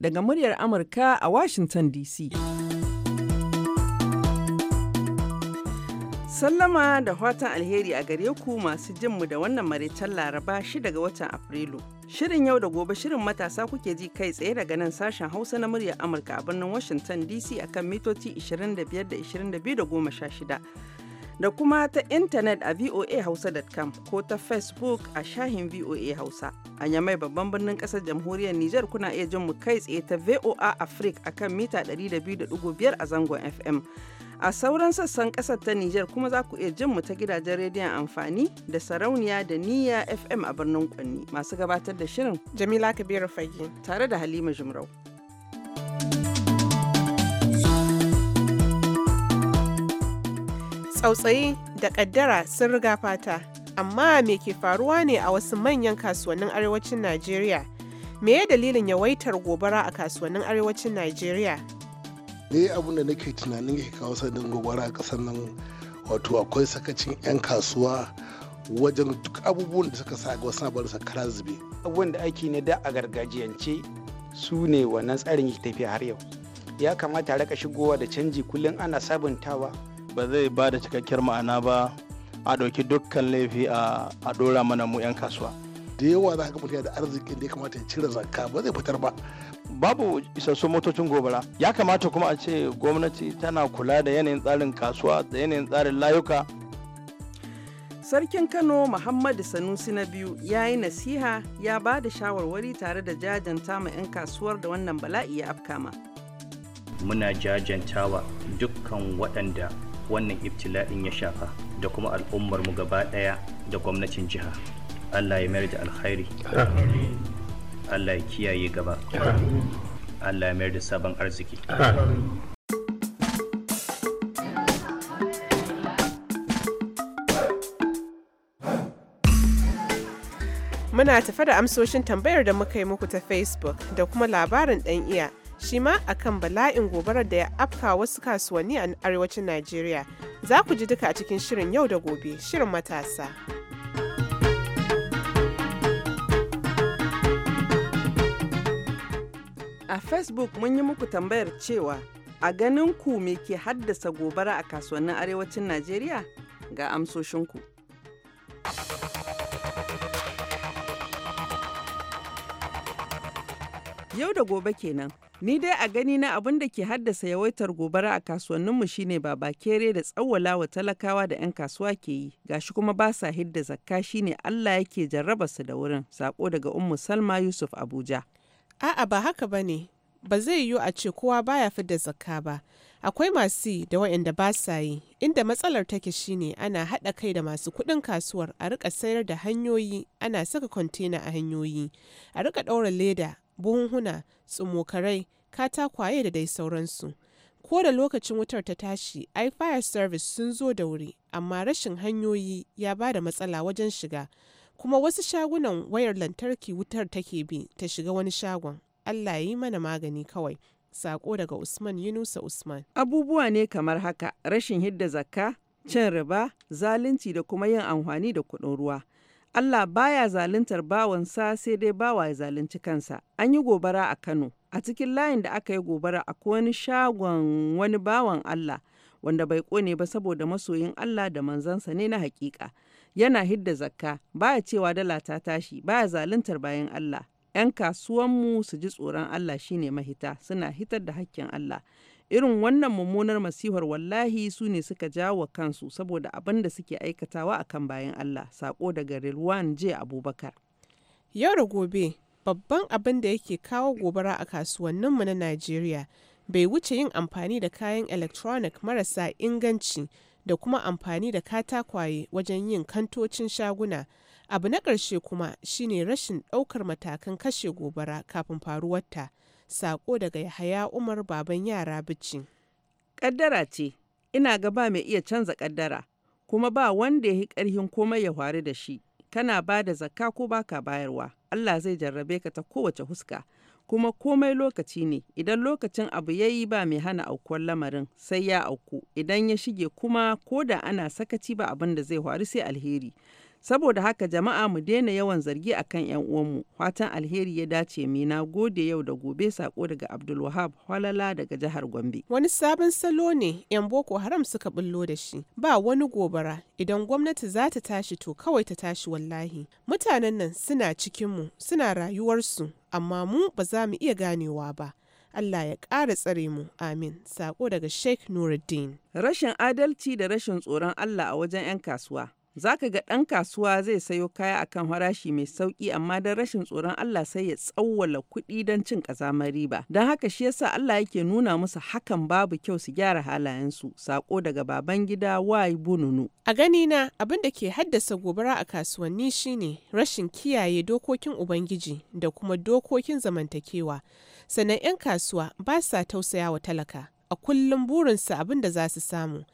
Daga muryar Amurka a Washington DC. Sallama da fatan alheri a gare ku masu jinmu da wannan maraicen Laraba shi daga watan Afrilu. Shirin yau da gobe shirin matasa kuke ji kai tsaye daga nan sashen Hausa na muryar Amurka a birnin Washington DC akan mitoci 25 da 22 da 16. da kuma ta intanet a voahausa.com ko ta facebook a shahin voa hausa a yamai babban birnin kasar jamhuriyar niger kuna iya jin mu kai tsaye ta voa africa a kan mita 200.5 a zangon fm a sauran sassan kasar ta niger kuma za ku iya jin mu ta gidajen rediyon amfani da sarauniya da niyya fm a birnin kwanni masu gabatar da shirin jamila kabiru fage tare da halima jimrau tsautsayi da ƙaddara sun riga fata amma me ke faruwa ne a wasu manyan kasuwannin arewacin najeriya me ya dalilin yawaitar gobara a kasuwannin arewacin najeriya ne abin da nake tunanin ke kawo sadin gobara a ƙasar nan wato akwai sakacin 'yan kasuwa wajen duk abubuwan da suka sa ga wasu abin sa karazube abubuwan da ake ne da a gargajiyance su ne wannan tsarin yake tafiya har yau ya kamata a raka shigowa da canji kullum ana sabuntawa ba zai ba da cikakkiyar ma'ana ba a ɗauki dukkan laifi a ɗora mana mu 'yan kasuwa da yawa za ka mutum da arzikin da ya kamata ya cire zakka ba zai fitar ba babu isassun motocin gobara ya kamata kuma a ce gwamnati tana kula da yanayin tsarin kasuwa da yanayin tsarin layuka sarkin kano muhammadu sanusi na biyu ya yi nasiha ya ba da shawarwari tare da jajanta ma 'yan kasuwar da wannan bala'i ya afkama muna jajantawa dukkan waɗanda wannan Iftila'in ya shafa da kuma al'ummar mu gaba daya da gwamnatin jiha Allah ya mayar da alkhairi Allah ya kiyaye gaba Allah ya mayar da sabon arziki Muna tafe da amsoshin tambayar da muka yi muku ta Facebook da kuma labarin ɗan iya shi ma kan bala'in gobarar da ya afka wasu kasuwanni a arewacin Najeriya. Za ku ji duka a cikin shirin yau da gobe, shirin matasa. A Facebook mun yi muku tambayar cewa a ganin ku me ke haddasa gobara a kasuwannin arewacin Najeriya ga amsoshinku. Yau da gobe kenan Ni dai a gani na abin da ke haddasa yawaitar gobara a kasuwanninmu shine ba bakere da tsawwala wa talakawa da 'yan kasuwa ke yi, gashi kuma ba sa hidda zakka shine Allah yake jarraba su da wurin, sako daga Ummu Salma Yusuf Abuja. A'a ba haka ba ne, ba zai yiwu a ce kowa baya fidda zakka ba. Akwai masu yi da waɗanda ba sa yi, inda matsalar take shine ana haɗa kai da masu kuɗin kasuwar a riƙa sayar da hanyoyi, ana saka kwantena a hanyoyi, a riƙa ɗaura leda buhunhuna tsumokarai katakwaye da dai sauransu ko da lokacin wutar ta tashi ai fire service sun zo da wuri amma rashin hanyoyi ya ba da matsala wajen shiga kuma wasu shagunan wayar lantarki wutar take bi ta shiga wani shagon allah yi mana magani kawai sako daga usman yunusa usman abubuwa ne kamar haka rashin hidda zakka cin riba zalunci da kuma yin amfani da kuɗin ruwa Allah baya zaluntar bawansa sai dai bawa ya zalunci kansa. An yi gobara a Kano. A cikin layin da aka yi gobara a wani shagon wani bawan Allah wanda bai kone ba saboda masoyin Allah da manzansa ne na hakika. Yana hidda zakka, baya cewa dala ta tashi, baya zaluntar bayan Allah. 'Yan kasuwanmu su ji tsoron Allah shine mahita, suna hitar da hakkin Allah. irin wannan mummunar masifar wallahi su ne suka jawo kansu saboda abin da suke aikatawa a kan bayan Allah sako daga Rilwan J Abubakar yau da gobe babban abin da yake kawo gobara a kasuwanninmu na Najeriya bai wuce yin amfani da kayan electronic marasa inganci da kuma amfani da katakwaye wajen yin kantocin shaguna abu na ƙarshe kuma shine rashin ɗaukar matakan kashe gobara kafin faruwarta. Sako daga Yahaya Umar baban yara bici. Kaddara ce, ina ga ba mai iya canza kaddara, kuma ba wanda ya yi ƙarhin komai ya faru da shi. Kana ba da zakka ko baka bayarwa, Allah zai jarrabe ka ta kowace huska. Kuma komai lokaci ne, idan lokacin abu ya yi ba mai hana aukuwar lamarin sai ya auku, idan ya shige kuma ko da ana sakaci ba abin da zai faru sai alheri. Saboda haka jama'a mu daina yawan zargi akan 'yan uwanmu, fatan alheri ya dace mai na gode yau da gobe sako daga Abdulwahab Halala daga jihar Gombe. Wani sabon salo ne 'yan Boko Haram suka bullo da shi. Ba wani gobara idan gwamnati za ta tashi to kawai ta tashi wallahi. Mutanen nan suna cikinmu, suna rayuwarsu, amma mu ba za mu iya ganewa ba. Allah ya ƙara tsare mu amin sako daga Sheikh Nuruddin. Rashin adalci da rashin tsoron Allah a wajen 'yan kasuwa Za ka ga ɗan kasuwa zai sayo kaya akan harashi mai sauƙi amma don rashin tsoron Allah sai ya tsawwala kuɗi don cin ƙazamar riba. Don haka shi yasa Allah yake nuna musu hakan babu kyau su gyara halayensu. Sako daga baban gida wai bununu. A gani na abin da ke haddasa gobara a kasuwanni shine rashin kiyaye dokokin Ubangiji da kuma dokokin zamantakewa. Sannan 'yan kasuwa ba sa tausaya wa talaka. a kullum burinsu abin da za su samu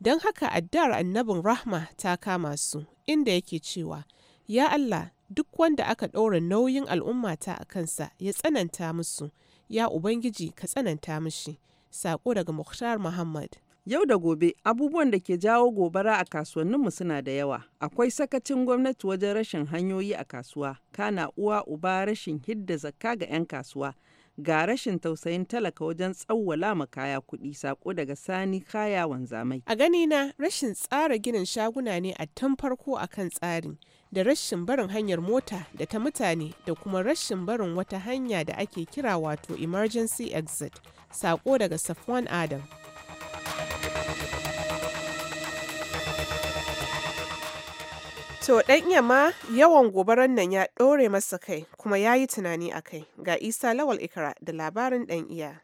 don haka addu'ar annabin rahma ta kama su inda yake cewa ya allah duk wanda aka ɗora nauyin al'ummata a kansa ya tsananta musu ya ubangiji ka tsananta mishi saƙo daga mukhtar muhammad Yau da gobe abubuwan da ke jawo gobara a kasuwanninmu suna da yawa. Akwai sakacin gwamnati wajen rashin hanyoyi a kasuwa, kana uwa uba rashin hidda zakka ga 'yan kasuwa. ga rashin tausayin talaka wajen tsawwala ma kaya kuɗi sako daga sani kaya wanzamai. A ganina rashin tsara ginin shaguna ne a tun farko a kan tsari, da rashin barin hanyar mota da ta mutane da kuma rashin barin wata hanya da ake kira wato emergency exit sako daga Safwan Adam. To ɗan ma yawan gobaran nan ya ɗore masa kai kuma ya yi tunani a kai. Ga Isa Lawal Ikra da labarin ɗan iya.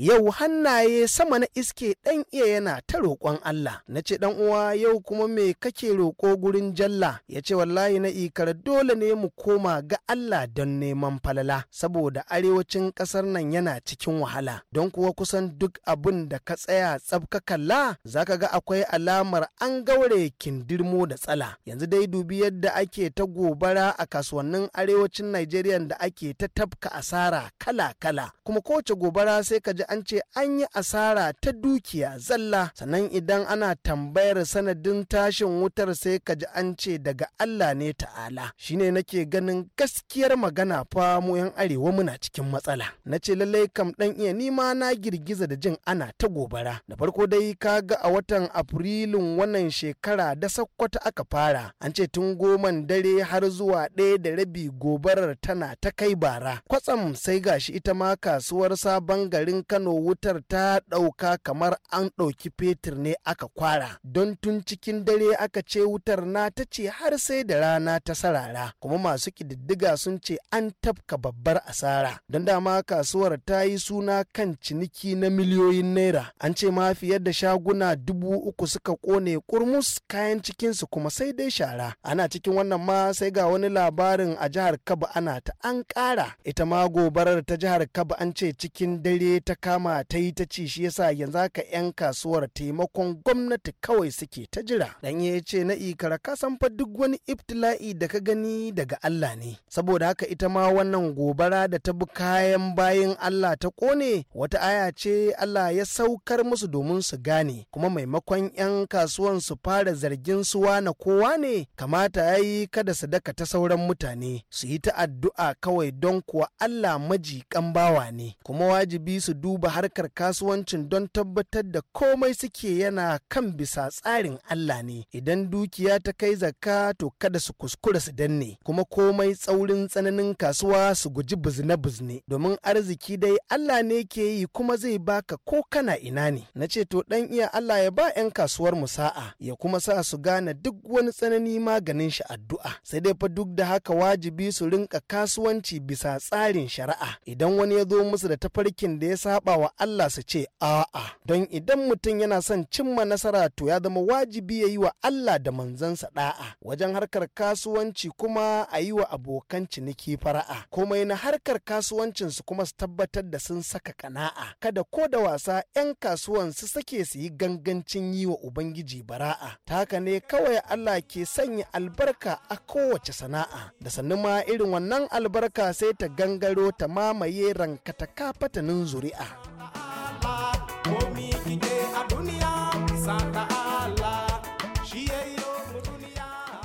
yau hannaye sama na iske ɗan iya yana ta roƙon Allah na ce ɗan uwa yau kuma me kake roƙo gurin jalla ya ce wallahi na ikar dole ne mu koma ga Allah don neman falala saboda arewacin ƙasar nan yana cikin wahala don kuwa kusan duk abin da ka tsaya tsabka kalla zaka ga akwai alamar an gaure kindirmo da tsala yanzu dai dubi yadda ake ta gobara a kasuwannin arewacin Najeriya da ake ta tafka asara kala-kala kuma kowace gobara sai ka ji an ce an yi asara ta dukiya zalla sannan idan ana tambayar sanadin tashin wutar sai ka ji an ce daga Allah ne ta'ala shine nake ganin gaskiyar magana fa mu yan arewa muna cikin matsala na ce lallai kam dan iya nima na girgiza da jin ana ta gobara da farko dai ka ga a watan afrilun wannan shekara da sakkwata aka fara an ce tun goman dare har zuwa ɗaya da rabi gobarar tana ta kai bara kwatsam sai gashi ita ma kasuwar sabon garin kano wutar ta ɗauka kamar an ɗauki fetur ne aka kwara don tun cikin dare aka ce wutar na ta ce har sai da rana ta sarara kuma masu ƙididdiga sun ce an tafka babbar asara don dama kasuwar ta yi suna kan ciniki na miliyoyin naira an ce ma fiye da shaguna dubu uku suka kone kurmus kayan cikinsu kuma sai dai shara ana cikin wannan ma sai ga wani labarin a jihar kabu ana ta an ƙara ita ma gobarar ta jihar kabu an ce cikin dare ta kama ta yi ta ci shi yasa yanzu haka 'yan kasuwar taimakon gwamnati kawai suke ta jira Dan ya ce na ikara ka san fa duk wani iftila'i da ka gani daga Allah ne saboda haka ita ma wannan gobara da ta bi kayan bayan Allah ta kone wata aya ce Allah ya saukar musu domin su gane kuma maimakon 'yan kasuwan su fara zargin su wane kowa ne kamata ya yi kada su daka ta sauran mutane su yi ta addu'a kawai don kuwa Allah majikan bawa ne kuma wajibi su duba harkar kasuwancin don tabbatar da komai suke yana kan bisa tsarin Allah ne idan dukiya ta kai zakka to kada su kuskura su danne kuma komai tsaurin tsananin kasuwa su guji buzne buzne domin arziki dai Allah ne ke yi kuma zai baka ko kana ina ne na ce to dan iya Allah ya ba 'yan kasuwar mu sa'a ya kuma sa su gane duk wani tsanani maganin shi addu'a sai dai fa duk da haka wajibi su rinka kasuwanci bisa tsarin shari'a idan wani ya zo musu da tafarkin da ya sa saba wa Allah su ce a'a don idan mutum yana son cimma nasara to ya zama wajibi ya yi wa Allah da manzansa da'a wajen harkar kasuwanci kuma a yi wa abokan ciniki fara'a komai na harkar kasuwancin su kuma su tabbatar da sun saka kana'a kada ko da wasa 'yan kasuwan su sake su yi gangancin yi wa ubangiji bara'a ta ne kawai Allah ke sanya albarka a kowace sana'a da sannu ma irin wannan albarka sai ta gangaro ta mamaye rankata kafatanin zuri'a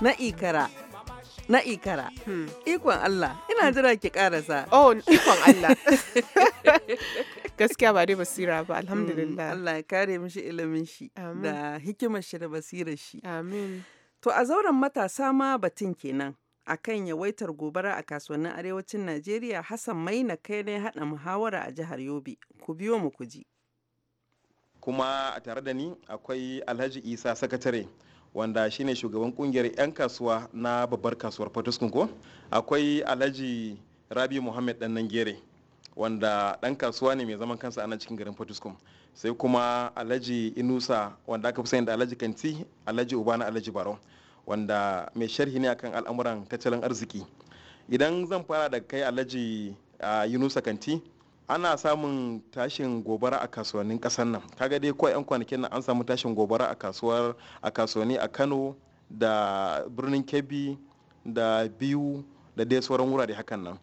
Na ikara. Na ikara. Hmm. Ikon Allah. Ina jira ki karasa. Oh, ikon Allah. Gaskiya ba dai basira ba, alhamdulillah. Hmm, Allah ya kare mishi ilimin shi da hikimar shi da basirar shi. Amin. To a zauren matasa ma batun kenan. a kan yawaitar gobara a kasuwannin arewacin Najeriya Hassan Maina kai ne haɗa muhawara a jihar Yobe. Ku biyo mu ku ji. Kuma a tare da ni akwai Alhaji Isa sakatare wanda shine shugaban kungiyar 'yan kasuwa na babbar kasuwar Fatuskun ko akwai Alhaji Rabi Muhammad dan Nangere wanda dan kasuwa ne mai zaman kansa a nan cikin garin Fatuskun sai kuma Alhaji Inusa wanda aka fi sani da Alhaji Kanti Alhaji na Alhaji Barau wanda mai sharhi ne akan al'amuran tattalin arziki idan zan fara da kai alhaji a yunusa kanti ana samun tashin gobara a kasuwannin kasar nan kaga dai kawai yan kwanakin nan an samu tashin gobara a kasuwar a kasuwanni a kano da birnin kebbi da biyu da dai sauran wurare hakan nan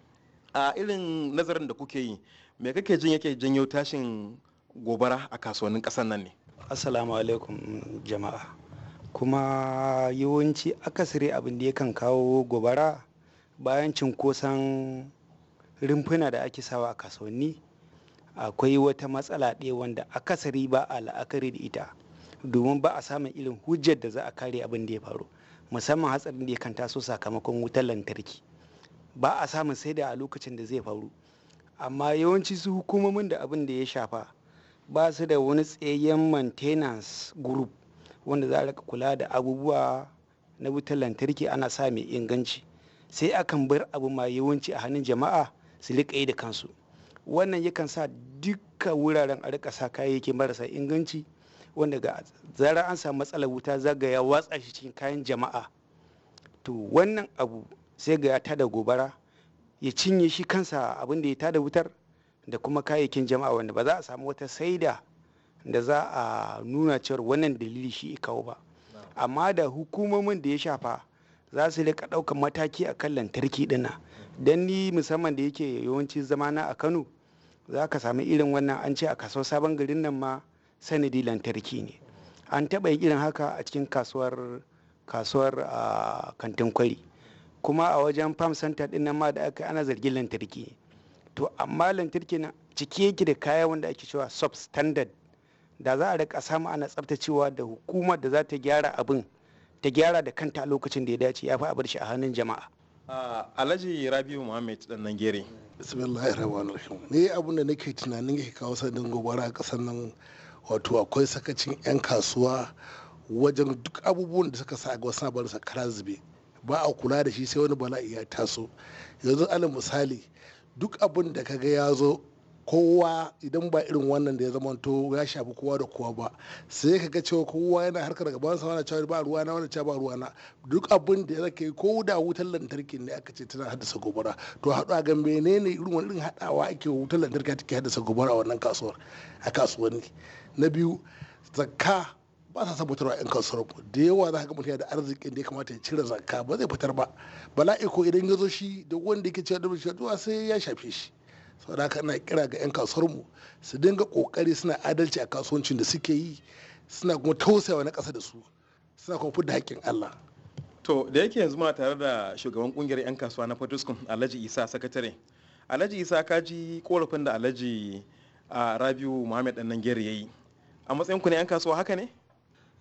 a irin nazarin da kuke yi me kake jin yake janyo tashin gobara a kasuwannin kasar nan ne assalamu alaikum jama'a kuma yawanci akasari abin da yakan kawo gobara bayan cinkoson rumfuna da ake sawa a kasuwanni akwai wata matsala ɗaya wanda akasari ba a la'akari da ita domin ba a samun irin hujjar da za a kare abin da ya faru musamman hatsarin da yakan taso sakamakon wutar lantarki ba a samun sai da a lokacin da zai faru amma yawanci su hukumomin da abin da ya shafa ba su da wani tsayen maintenance group wanda za a kula da abubuwa na wutar lantarki ana sa mai inganci sai akan bar abu mai yawanci a hannun jama'a su rika yi da kansu wannan yakan sa duka wuraren a rika sa kayayyaki marasa inganci wanda ga zara an samu matsala wuta zagaya watsa shi cikin kayan jama'a to wannan abu sai ga ya tada gobara ya cinye shi kansa abin ya tada wutar da kuma kayayyakin jama'a wanda ba za a samu wata saida da za a nuna cewar wannan dalili shi kawo ba amma da hukumomin da ya shafa za su rika ɗaukar mataki a kan lantarki dina don ni musamman da yake yawanci zamana a kano za ka sami irin wannan an ce a kasuwar sabon garin nan ma sanadi lantarki ne an taɓa yi irin haka a cikin kasuwar kasuwar kantin kwari kuma a wajen farm center ɗin nan ma da aka ana zargin lantarki to amma lantarki na cike yake da kaya wanda ake cewa substandard da za a rika samu ana tsaftacewa da hukumar da za ta gyara abin ta gyara da kanta a lokacin da ya dace ya fi a bar shi a hannun jama'a. Alhaji Rabiu Muhammad dan Nangere. Bismillahir Rahmanir Rahim. ne abin da nake tunanin yake kawo sadin gobara a kasar nan wato akwai sakacin 'yan kasuwa wajen duk abubuwan da suka sa ga wasu sa kara zube ba a kula da shi sai wani bala'i ya taso yanzu alal misali duk abin da ka ga ya zo kowa idan ba irin wannan da ya zamanto ya shafi kowa da kowa ba sai ka ga cewa kowa yana harkar gabansa wani cewa ba ruwa na wani cewa ba ruwa na duk abin da ya yi ko da wutar lantarki ne aka ce tana haddasa gobara to haɗu a ga menene irin wani irin haɗawa ake wutar lantarki take haddasa gobara a wannan kasuwar a kasuwanni na biyu zakka ba sa wa yan kasuwar ku da yawa za ka ga mutum da arzikin da ya kamata ya cire zakka ba zai fitar ba bala'i ko idan ya zo shi da wanda yake cewa da sai ya shafe shi saboda haka ina kira ga 'yan kasuwarmu su dinga kokari suna adalci a kasuwancin da suke yi suna kuma tausayawa na ƙasa da su suna kuma fudda haƙƙin Allah. To da yake yanzu ma tare da shugaban kungiyar 'yan kasuwa na Fatuskun Alhaji Isa sakatare. Alhaji Isa ka ji korafin da Alhaji Rabiu Muhammad ɗan nan ya yi. A matsayin ku ne 'yan kasuwa haka ne?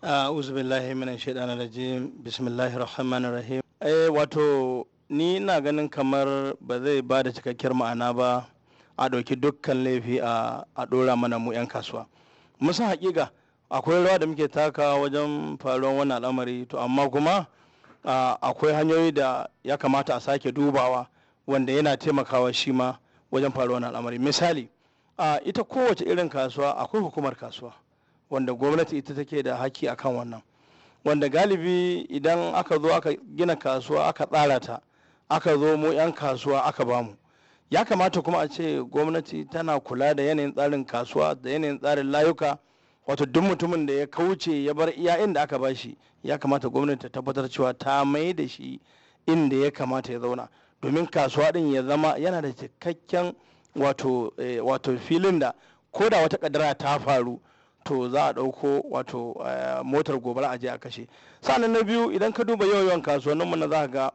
A'udhu billahi minash shaitanir rajim. Bismillahir rahmanir rahim. Eh wato ni na ganin kamar ba zai ba da cikakkiyar ma'ana ba a ɗauki dukkan laifi a ɗora mana mu 'yan kasuwa musan haƙiƙa akwai rawa da muke taka wajen faruwar wannan al'amari to amma kuma akwai hanyoyi da ya kamata a sake dubawa wanda yana taimakawa shi ma wajen faruwar wannan al'amari misali ita kowace irin kasuwa akwai hukumar kasuwa wanda gwamnati ita take da a kan wannan wanda galibi idan aka zo aka gina kasuwa aka tsara ta aka zo mu 'yan kasuwa aka bamu ya kamata kuma a ce gwamnati tana kula da yanayin tsarin kasuwa da yanayin tsarin layuka wato duk mutumin da ya kauce ya bar iya inda aka bashi ya kamata gwamnati ta tabbatar cewa ta mai da shi inda ya kamata ya zauna domin kasuwa din ya zama yana da cikakken wato eh, wato filin da ko da wata kadara ta faru to za a dauko wato eh, motar gobara a je a kashe sa'an na biyu idan ka duba yawan kasuwanninmu na za ga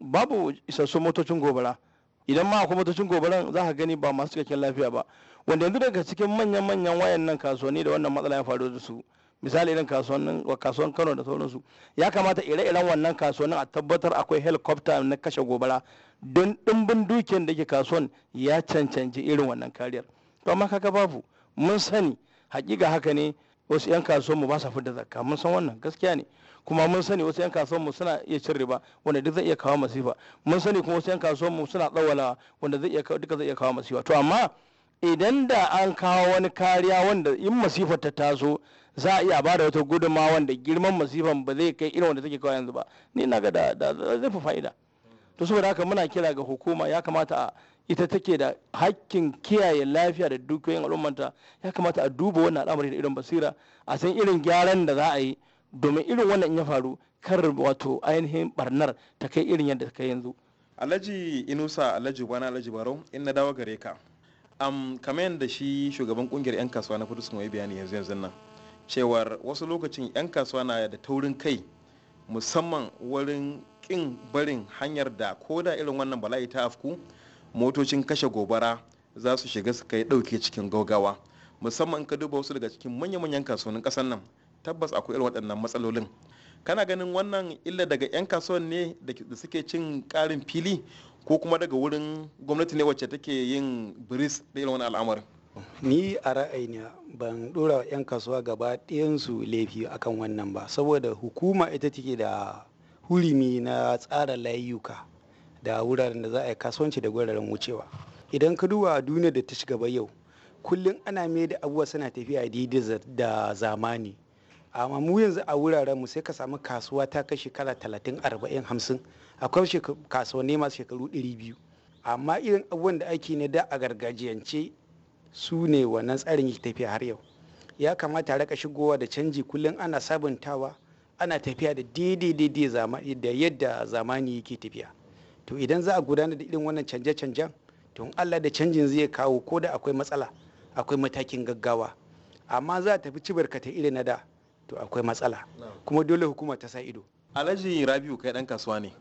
babu isassun motocin gobara idan ma akwai motocin gobaran za ka gani ba masu cikakken lafiya ba wanda yanzu daga cikin manyan manyan wayan nan kasuwanni da wannan matsala ya faru da su misali irin kasuwan Kano da sauransu ya kamata ire-iren wannan kasuwannin a tabbatar akwai helicopter na kashe gobara don dimbin dukiyar da ke kasuwan ya cancanci irin wannan kariyar to amma kaga babu mun sani hakika haka ne wasu 'yan kasuwan mu ba sa fita zakka mun san wannan gaskiya ne kuma mun sani wasu 'yan kasuwan mu suna iya cin riba wanda duk zai iya kawo masifa mun sani kuma wasu 'yan kasuwan mu suna tsawala wanda zai iya duka zai iya kawo masifa to amma idan da an kawo wani kariya wanda in masifar ta taso za a iya bada wata gudunma wanda girman masifan ba zai kai irin wanda take kawo yanzu ba ni na ga da zai fi fa'ida to saboda haka muna kira ga hukuma ya kamata a ita take da hakkin kiyaye lafiya da dukiyoyin al'ummanta ya kamata a duba wannan al'amari da irin basira a san irin gyaran da za a yi domin irin wannan ya faru kar wato ainihin barnar ta kai irin yadda ta yanzu alhaji inusa alhaji bana alhaji baro in na dawo gare ka am kamar yadda shi shugaban kungiyar 'yan kasuwa na kudu sun yi bayani yanzu yanzu nan cewar wasu lokacin 'yan kasuwa na da taurin kai musamman wurin kin barin hanyar da ko da irin wannan bala'i ta afku motocin kashe gobara za su shiga su kai dauke cikin gaugawa musamman ka duba wasu daga cikin manya-manyan kasuwannin kasar nan tabbas akwai irin waɗannan matsalolin kana ganin wannan illa daga 'yan kasuwan ne da suke cin ƙarin fili ko kuma daga wurin gwamnati ne wacce take yin biris da irin wani al'amarin ni a ra'ayina ban dora 'yan kasuwa gaba ɗayansu laifi akan wannan ba saboda hukuma ita take da hurumi na tsara layuka da wuraren da za a yi kasuwanci da wuraren wucewa idan ka duba duniya da ta shiga yau kullum ana mai da abubuwa suna tafiya da zamani amma mu yanzu a wuraren mu sai ka samu kasuwa ta kai shekara talatin arba'in hamsin akwai kasuwanni masu shekaru ɗari biyu amma irin abubuwan da ake ne da a gargajiyance su ne wannan tsarin yake tafiya har yau ya kamata a raka shigowa da canji kullum ana sabuntawa ana tafiya da daidai da yadda zamani yake tafiya to idan za a gudanar da irin wannan canje-canjen to Allah da canjin zai kawo ko da akwai matsala akwai matakin gaggawa amma za a tafi cibarkata irin na da to akwai matsala kuma dole hukuma ta sa ido alhaji rabiu kai dan kasuwa ne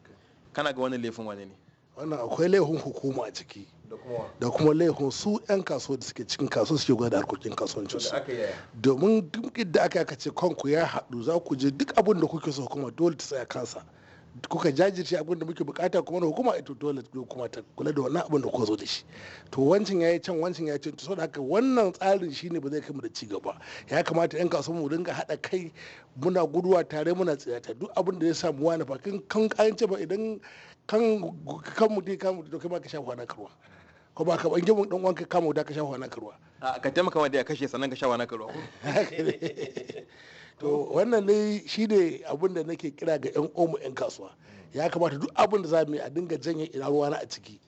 kana ga wani laifin wani ne wannan akwai laifin hukuma a ciki da kuma laifin su 'yan kasuwa da suke cikin kasuwa suke gwada harkokin kasuwancinsu domin duk da aka ce kanku ya haɗu za ku je duk abin da kuke so hukuma, dole ta tsaya kansa kuka jajirce abin da muke bukata kuma na hukuma ita dole kuma ta kula da wannan abin da kuka zo da shi to wancan yayi can wancan yayi can to saboda haka wannan tsarin shine ba zai kai mu da ci gaba ya kamata yan kasuwa mu dinga hada kai muna guduwa tare muna tsayata duk abin da ya samu wani fa kan kan kayan ba idan kan kan mu dai kan mu to kai ma ka sha wani karwa ko ba ka bangi mun dan uwanka kama da ka sha wani karwa a ka taimaka wanda ya kashe sannan ka sha wani karwa to wannan ne shi ne abin da nake kira ga yan omu yan kasuwa ya kamata duk abin da za mu yi a dinga janye ina ruwa na a ciki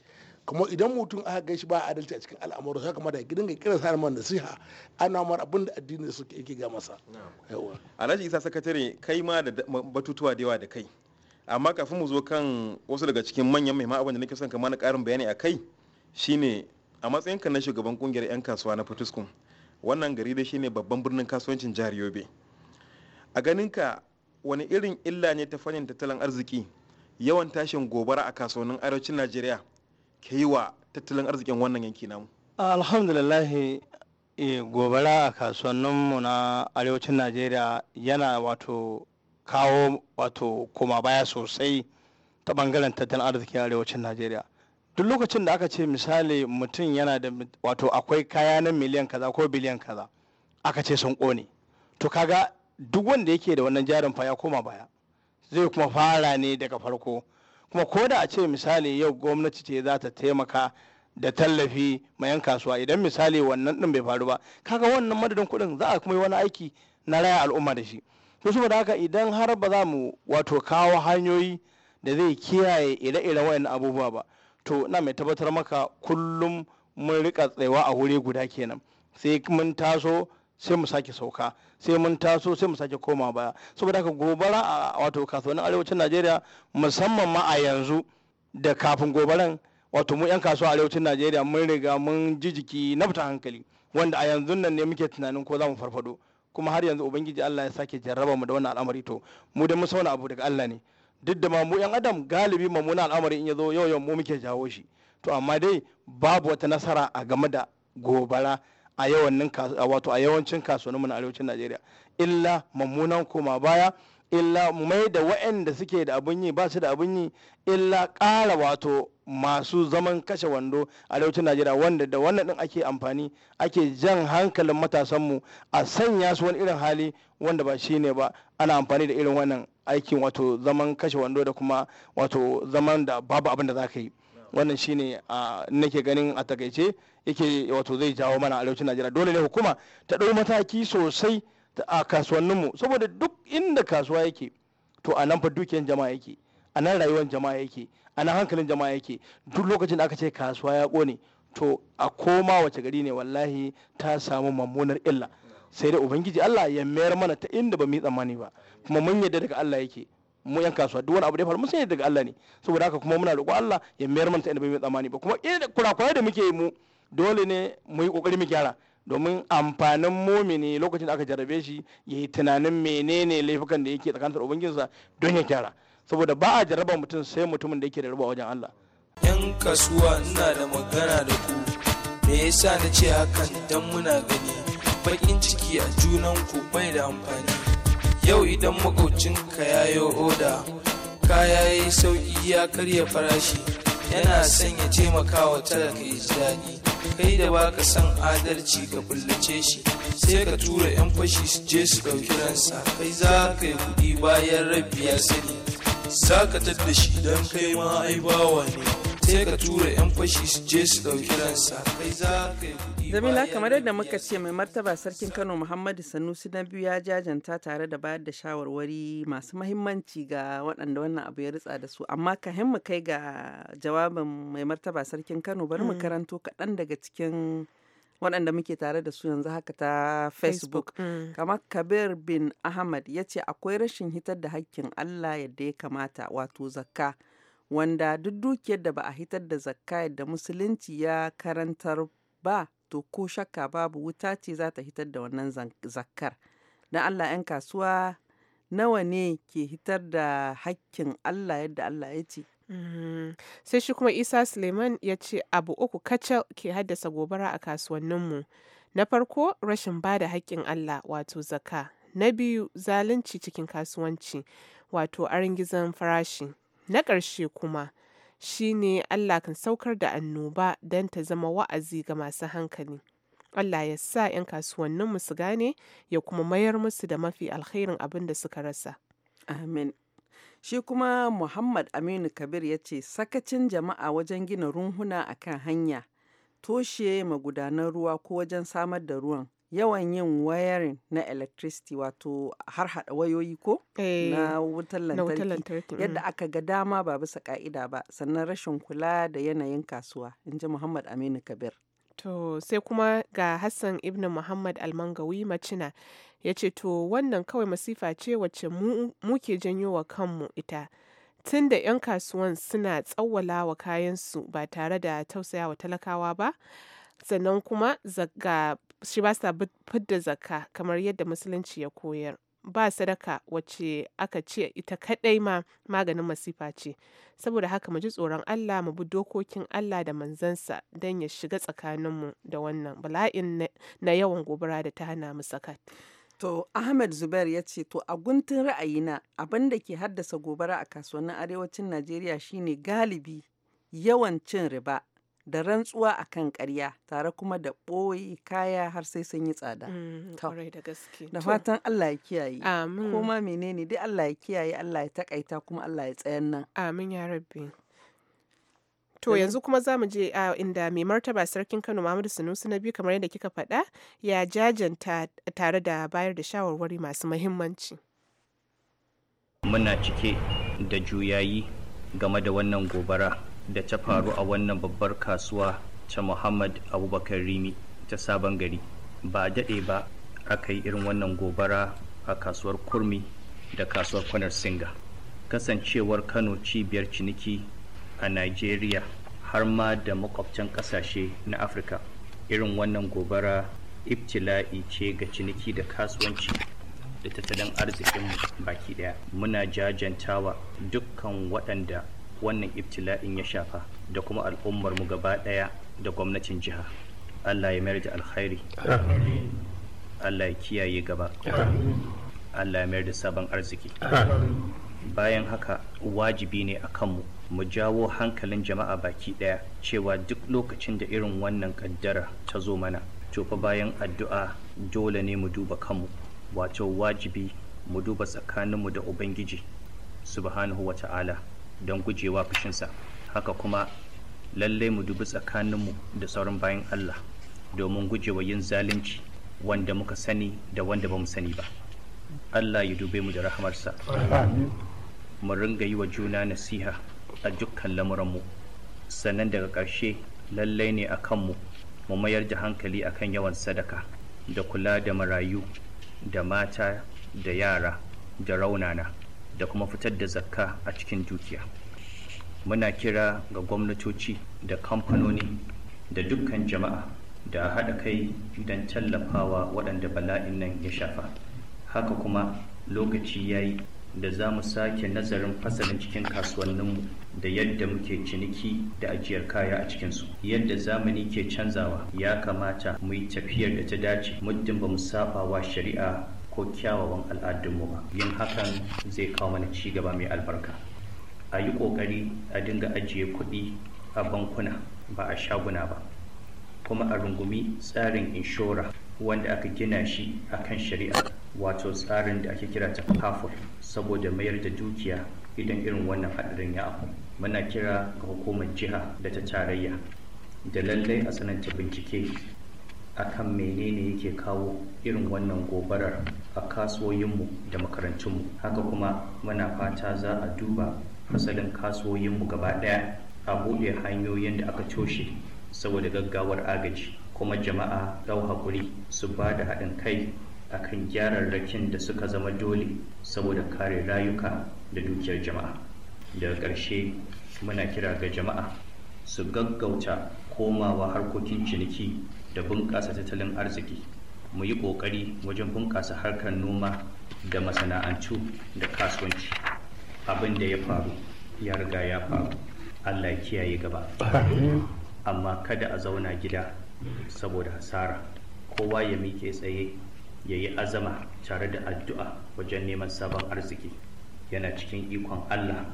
kuma idan mutum aka gaishe ba adalci a cikin al'amuran ya kamata ya dinga kira sa man nasiha ana mar abin da addini suke yake ga masa yawa alhaji isa sakatare kai ma da batutuwa da yawa da kai amma kafin mu zo kan wasu daga cikin manyan muhimman abin da nake son kamar na karin bayani a kai shine a matsayinka na shugaban kungiyar 'yan kasuwa na fatuskun wannan gari da shine babban birnin kasuwancin jihar yobe a ganinka wani irin illa ne ta fannin tattalin arziki yawan tashin gobara a kasuwannin arewacin najeriya ke yi wa tattalin arzikin wannan yanki namu alhamdulillah e, gobara a kasuwanninmu na arewacin najeriya yana wato kawo wato koma baya sosai ta bangaren tattalin arzikin arewacin najeriya duk lokacin da aka ce misali mutum yana da wato akwai kaya na miliyan kaza ko biliyan kaza aka ce sun kone to kaga duk wanda yake da wannan jarin fa ya koma baya zai kuma fara ne daga farko kuma ko da a ce misali yau gwamnati ce za ta taimaka da tallafi mai yan kasuwa idan misali wannan din bai faru ba kaga wannan madadin kuɗin za a kuma yi wani aiki na raya al'umma da shi to saboda haka idan har ba za mu wato kawo hanyoyi da zai kiyaye ire-iren wayannan abubuwa ba to na mai tabbatar maka kullum mun rika tsayawa a wuri guda kenan sai mun taso sai mu sake sauka sai mun taso sai mu sake koma baya saboda haka gobara a wato kasuwannin arewacin najeriya musamman ma a yanzu da kafin gobaran wato mu 'yan kasuwa arewacin najeriya mun riga mun ji jiki na fita hankali wanda a yanzu nan ne muke tunanin ko za mu farfado kuma har yanzu ubangiji allah ya sake jarraba mu da wannan al'amari to mu da mun sauna abu daga allah ne duk da ma mu 'yan adam galibi mamuna al'amari in ya zo yau yau mu muke jawo shi to amma dai babu wata nasara a game da gobara a yawancin wato a yawancin kasuwanninmu na arewacin najeriya illa mummunan koma baya illa mai da waɗanda suke da abin yi ba su da abin yi illa ƙara wato masu zaman kashe wando a arewacin najeriya wanda da wannan din ake amfani ake jan hankalin matasanmu a sanya su wani irin hali wanda ba shi ne ba ana amfani da irin wannan aikin wato zaman kashe wando da kuma wato zaman da babu abin da za ka yi wannan shine a nake ganin a takaice yake wato zai jawo mana arewacin najeriya dole ne hukuma ta ɗau mataki sosai a kasuwanninmu saboda duk inda kasuwa yake to a nan fa dukiyan jama'a yake a nan rayuwar jama'a yake a nan hankalin jama'a yake duk lokacin da aka ce kasuwa ya kone to a koma wace gari ne wallahi ta samu mummunar illa sai da ubangiji allah ya mayar mana ta inda ba mu yi tsammani ba kuma mun yadda daga allah yake mu yan kasuwa duk wani abu da ya faru mun sani daga Allah ne saboda haka kuma muna roƙo Allah ya mayar mana ta inda bai mai tsammani ba kuma irin kurakurai da muke yi mu dole ne mu yi kokari mu gyara domin amfanin mumini lokacin da aka jarabe shi ya yi tunanin menene laifukan da yake tsakanin ubangijinsa don ya gyara saboda ba a jarraba mutum sai mutumin da yake da ruba wajen Allah yan kasuwa ina da magana da ku me yasa na ce hakan dan muna gani bakin ciki a junan ku bai da amfani yau idan makocinka ya yi oda kaya ya yi sauƙi ya karya farashi yana son ya taimaka wa talaka ya ji daɗi kai da ba ka san adalci ka bullace shi sai ka tura 'yan fashi su je su ɗauki ransa kai za ka yi kuɗi bayan rabbi ya sani za ka tattashi don kai ma ai bawa ne sai kamar yadda muka ce mai martaba sarkin Kano Muhammadu Sanusi na biyu ya jajanta tare da bayar da shawarwari masu mahimmanci ga waɗanda wannan abu ya ritsa da su amma ka mu kai ga jawabin mai martaba sarkin Kano bari mu mm. karanto kaɗan daga cikin waɗanda muke tare da su yanzu haka ta facebook, mm. kamar kabir bin ahmad ya ce akwai rashin hitar da hakkin allah yadda ya kamata wato zakka wanda duk dukiyar da ba a hitar da zakka yadda musulunci ya karantar ba to ko shakka babu wuta ce za ta hitar da wannan zakkar don allah 'yan kasuwa nawa ne ke hitar da hakkin allah yadda allah ya ce mm-hmm. sai shi kuma isa suleiman ya ce abu uku kacal ke haddasa gobara a kasuwanninmu na farko rashin ba da hakkin allah wato zaka na biyu zalunci cikin kasuwanci wato aringizan farashi Na ƙarshe kuma shi ne Allah kan saukar da annoba don ta zama wa'azi ga masu hankali. Allah ya sa 'yan kasuwanninmu su gane ya kuma mayar musu da mafi alkhairin abin da suka rasa. Amin. Shi kuma Muhammad Aminu Kabir ya ce sakacin jama'a wajen gina runhuna kan hanya, toshe magudanan ruwa ko wajen samar da ruwan yawan yin wayarin na electricity wato har hada wayoyi ko na eh, wutar lantarki mm. yadda aka ga dama ba bisa ka'ida ba sannan rashin kula da yanayin kasuwa in ji muhammad aminu kabir to sai kuma ga hassan ibn muhammad almangawi macina ya ce to wannan kawai masifa ce wacce mu ke janyo wa kanmu ita tun da 'yan kasuwan suna tsawwala wa kayansu ba tare da tausayawa talakawa ba sannan kuma zaga shi ba sa fidda zakka kamar yadda musulunci ya koyar ba sadaka wacce aka ce ita kadai ma maganin masifa ce saboda haka mu ji tsoron Allah mu bi dokokin Allah da manzansa don ya shiga tsakaninmu da wannan bala'in na yawan gobara da ta hana mu sakat. To Ahmed Zubair ya ce to a guntun ra'ayina abin da ke haddasa gobara a kasuwannin arewacin Najeriya shine galibi yawan cin riba da rantsuwa akan karya tare kuma da ɓoye kaya har sai sun yi tsada. Mm, da fatan Allah ya kiyaye. Amin. menene duk Allah ya kiyaye Allah ya takaita kuma Allah ya tsayan nan. Amin ya rabbi. To yanzu kuma za mu je a ah, inda mai martaba sarkin Kano Muhammadu sanusi na biyu kamar yadda kika faɗa ya jajanta tare da bayar da shawarwari masu mahimmanci. Muna cike da juyayi game da wannan gobara da ta faru a wannan babbar kasuwa ta muhammad abubakar rimi ta sabon gari ba daɗe ba aka yi irin wannan gobara a kasuwar kurmi da kasuwar kwanar singa kasancewar kano cibiyar ciniki a nigeria har ma da makwabtan ƙasashe na afirka irin wannan gobara ibtila'i ce ga ciniki da kasuwanci da tattalin arzikinmu baki daya muna jajantawa dukkan waɗanda wannan ibtila'in ya shafa da kuma al'ummar mu gaba daya da gwamnatin jiha Allah ya mayar da alkhairi Allah ya kiyaye gaba Allah ya mayar da sabon arziki bayan haka wajibi ne a kanmu mu jawo hankalin jama'a baki ɗaya. cewa duk lokacin da irin wannan kaddara ta zo mana to fa bayan addu'a dole ne mu duba kanmu wato wajibi mu duba tsakaninmu da ubangiji subhanahu wa ta'ala don gujewa fushinsa haka kuma lallai mu dubi tsakaninmu da sauran bayan Allah domin gujewa yin zalunci wanda muka sani da wanda ba mu sani ba Allah ya dube mu da rahamarsa mu ringa yi wa juna nasiha a dukkan lamuranmu sannan daga ƙarshe lallai ne a kanmu mu mayar da hankali a kan yawan sadaka da kula da marayu da mata da yara da raunana da kuma fitar da zakka a cikin dukiya muna kira ga gwamnatoci da kamfanoni da dukkan jama'a da haɗa kai don tallafawa waɗanda bala'in nan ya shafa haka kuma lokaci ya yi da za mu sake nazarin fasalin cikin kasuwanninmu da yadda muke ciniki da ajiyar kaya a cikinsu yadda zamani ke canzawa ya kamata mu yi tafiyar da ta dace muddin ba mu saba shari'a ko kyawawan al'adunmu ba yin hakan zai kawo mana ci gaba mai albarka a yi ƙoƙari a dinga ajiye kuɗi a bankuna ba a shaguna ba kuma a rungumi tsarin inshora wanda aka gina shi a kan shari'a wato tsarin da ake kira ta kafur saboda mayar da dukiya idan irin wannan haɗarin ya afu muna kira ga hukumar jiha da ta tarayya da lallai a tsananta bincike akan menene yake kawo irin wannan gobarar a kasuwoyinmu da makarantunmu haka kuma muna fata za a duba fasalin kasuwoyinmu gaba ɗaya a buɗe hanyoyin da aka coshe saboda gaggawar agaji kuma jama'a ɗau haƙuri su ba da haɗin kai a akan gyararrakin da suka zama dole saboda kare rayuka da dukiyar jama'a daga ƙarshe muna kira ga jama'a su gaggauta komawa harkokin ciniki da bunƙasa tattalin arziki mu yi ƙoƙari wajen bunƙasa harkar noma da masana'antu da kasuwanci abin da ya faru ya riga ya faru allah ya kiyaye gaba amma kada a zauna gida saboda hasara kowa ya miƙe tsaye ya yi azama tare da addu'a wajen neman sabon arziki yana cikin ikon allah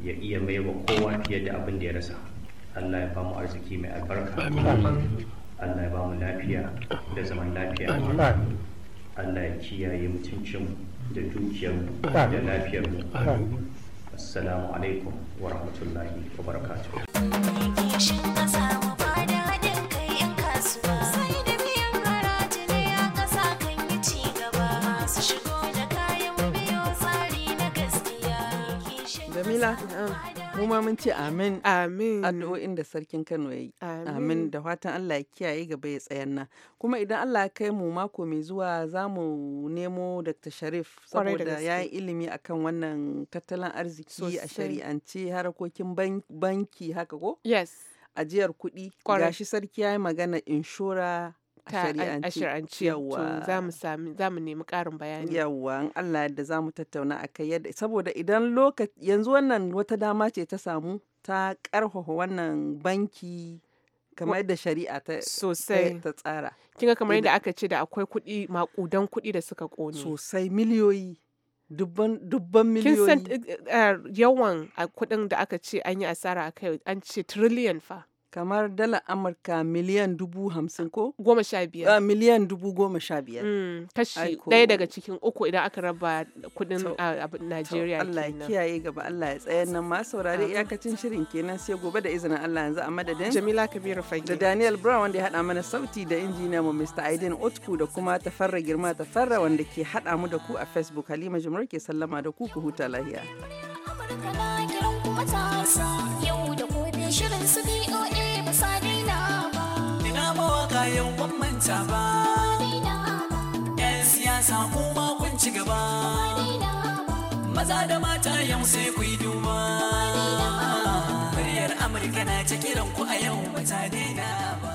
ya iya maiwa kowa fiye da abin da ya rasa allah ya bamu arziki mai albarka Allah ya ba mu lafiya da zaman lafiya Allah ya kiyaye mutuncin da dukiyar da lafiyar mu assalamu alaikum wa rahmatullahi wa barakatuh Jamila. gaskiya. mu ma mun ce amin amin addu'o'in da sarkin Kano yayi amin da fatan Allah ya kiyaye gaba ya tsayar nan kuma idan Allah ya kai mu mako mai zuwa za mu nemo Dr. Sharif saboda ya yi ilimi akan wannan tattalin arziki a shari'ance harkokin banki haka ko yes ajiyar kuɗi gashi sarki ya yi magana inshora ta an ce yawa za mu sami za mu nemi ƙarin bayani yawa an Allah yadda za mu tattauna a kai yadda saboda idan lokaci yanzu wannan wata dama ce ta samu ta ƙarfafa wannan banki kamar yadda shari'a ta sosai ta tsara kinga kamar yadda aka ce da akwai kuɗi maƙudan kuɗi da suka ƙone sosai miliyoyi dubban dubban miliyoyi kin san eh, eh, yawan kuɗin da aka ce an yi asara akai an ce trillion fa kamar dala amurka miliyan dubu hamsin ko goma sha biyar ah, miliyan dubu goma sha biyar mm, kashi ɗaya daga cikin uku idan aka raba kudin a ah, najeriya allah ya kiyaye gaba allah ya tsayar nan ma saurari iyakacin shirin kenan sai gobe da izinin allah yanzu a madadin jamila kabiru fage da daniel brown wanda ya haɗa mana sauti da injiniya mu mr aidin otku da kuma tafarra girma tafarra wanda ke haɗa mu da ku a facebook halima jimar ke sallama da ku ku huta lahiya Yau da haka yau ban manta ba yan siyasa kuma kun ci gaba maza da mata yau sai ku yi duba muryar amurka na ta kiran ku a yau ba daina ba